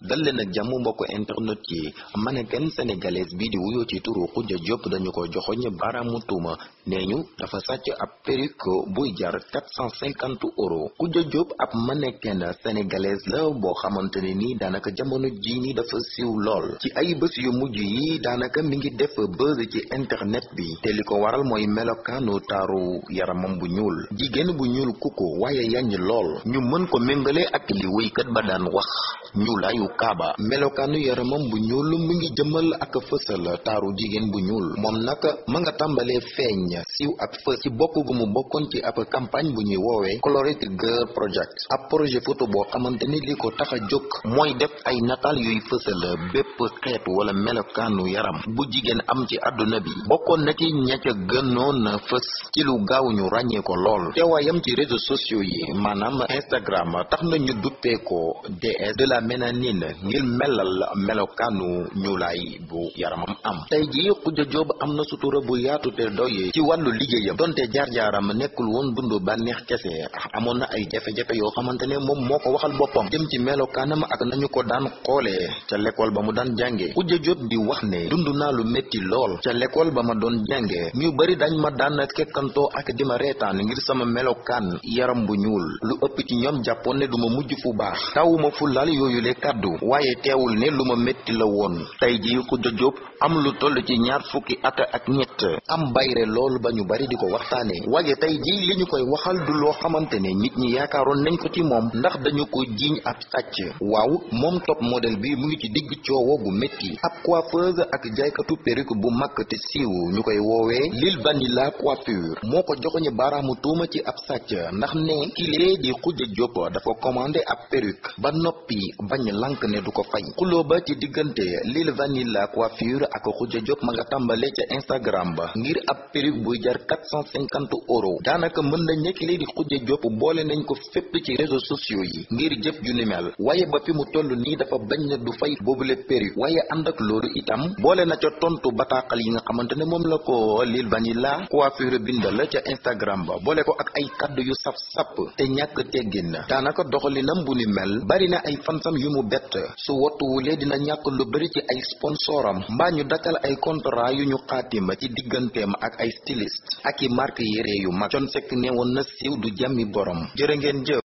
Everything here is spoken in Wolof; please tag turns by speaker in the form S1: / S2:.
S1: dalle ak jàmm mbokk internet yi mannequin sénégalaise bi di wuyoo ci turu Khoudia Diop dañu ko joxoñ baaraamu tuuma nee ñu dafa sàcc ab perruque buy jar 450 euros Khoudia Diop ab mannequin sénégalaise la boo xamante ne nii daanaka jamono ji ni dafa siiw lool ci ay bés yu mujj yi daanaka mi ngi def buzz ci internet bi te li ko waral mooy melokaanu taaru yaramam bu ñuul jigéen bu ñuul kuku waaye yañ lool ñu mën ko méngale ak li wuykat ba daan wax ñuulaayu kaaba melokaanu yaramam bu ñuul mu ngi jëmal ak fësal taaru jigéen bu ñuul moom nag ma nga tàmbalee feeñ siiw ak fës ci bokk gu mu bokkoon ci ab campagne bu ñuy woowee Colored Girl Project ab projet photo boo xamante ni li ko tax a jóg mooy def ay nataal yuy fësal bépp xeet wala melokaanu yaram bu jigéen am ci àdduna bi bokkoon na ci ña ca gënoon fës ci lu gaaw ñu ràññee ko lool teewaayam ci réseaux sociaux yi maanaam Instagram tax na ñu mena nin ngir melal melokaanu ñuulaay bu yaramam am tey ji Khoudia Diop am na sutura bu yaatu te doy ci wàllu liggéeyam donte jaar-jaaram nekkul woon dundu bànneex kese amoon na ay jafe-jafe yoo xamante ne moom moo ko waxal boppam jëm ci melokaanam ak nañu ko daan xoolee ca l'école ba mu daan jàngee Khoudia Diop di wax ne dund naa lu métti lool ca l'école ba ma doon jànge ñu bari dañ ma daan kekkantoo ak di ma reetaan ngir sama melokaan yaram bu ñuul lu ëpp ci ñoom jàppoon ma mujj fu yooyu kàddu waaye teewul ne lu ma métti la woon tey ji Khoudia Diop am lu toll ci ñaar fukki at ak ñett am bayre loolu ba ñu bari di ko waxtaane waaye tey ji li ñu koy waxal du loo xamante ne nit ñi yaakaaroon nañ ko ci moom ndax dañu ko jiiñ ab sàcc waaw moom top modèle bi mu ngi ci digg coowo bu métti ab coiffeuse ak jaaykatu perruque bu mag te siiw ñu koy woowee Lil Vanilla coiffure moo ko joxoñe baaraamu tuuma ci ab sàcc ndax ne kilee di Khoudia Diop dafa commandé ab perruque ba bañ lank ne du ko fay xuloo ba ci diggante Lil Vanilla coiffure ak Khoudia Diop ma nga tàmbale ca Instagram ba ngir ab perruque buy jar 450 euros daanaka mën na nekk lii di Khoudia Diop boole nañ ko fépp ci réseaux sociaux yi ngir jëf ju ni mel waaye ba mu toll nii dafa bañ ne du fay boobule perruque waaye ànd ak loolu itam boole na ca tontu bataaxal yi nga xamante ne moom la ko Lil Vanilla coiffure bindal ca Instagram ba boole ko ak ay kàddu yu saf-sap te ñàkk teggin daanaka doxalinam bu ni mel bari ay fans fan yu mu bett su wottuwulee dina ñàkk lu bari ci ay sponsoram mbaa ñu dakkal ay contrat yu ñu xaati ma ci digganteem ak ay styliste ak i marque yére yu mag Thione Seck nee na siiw du jàmmi borom jërë ngeen jëf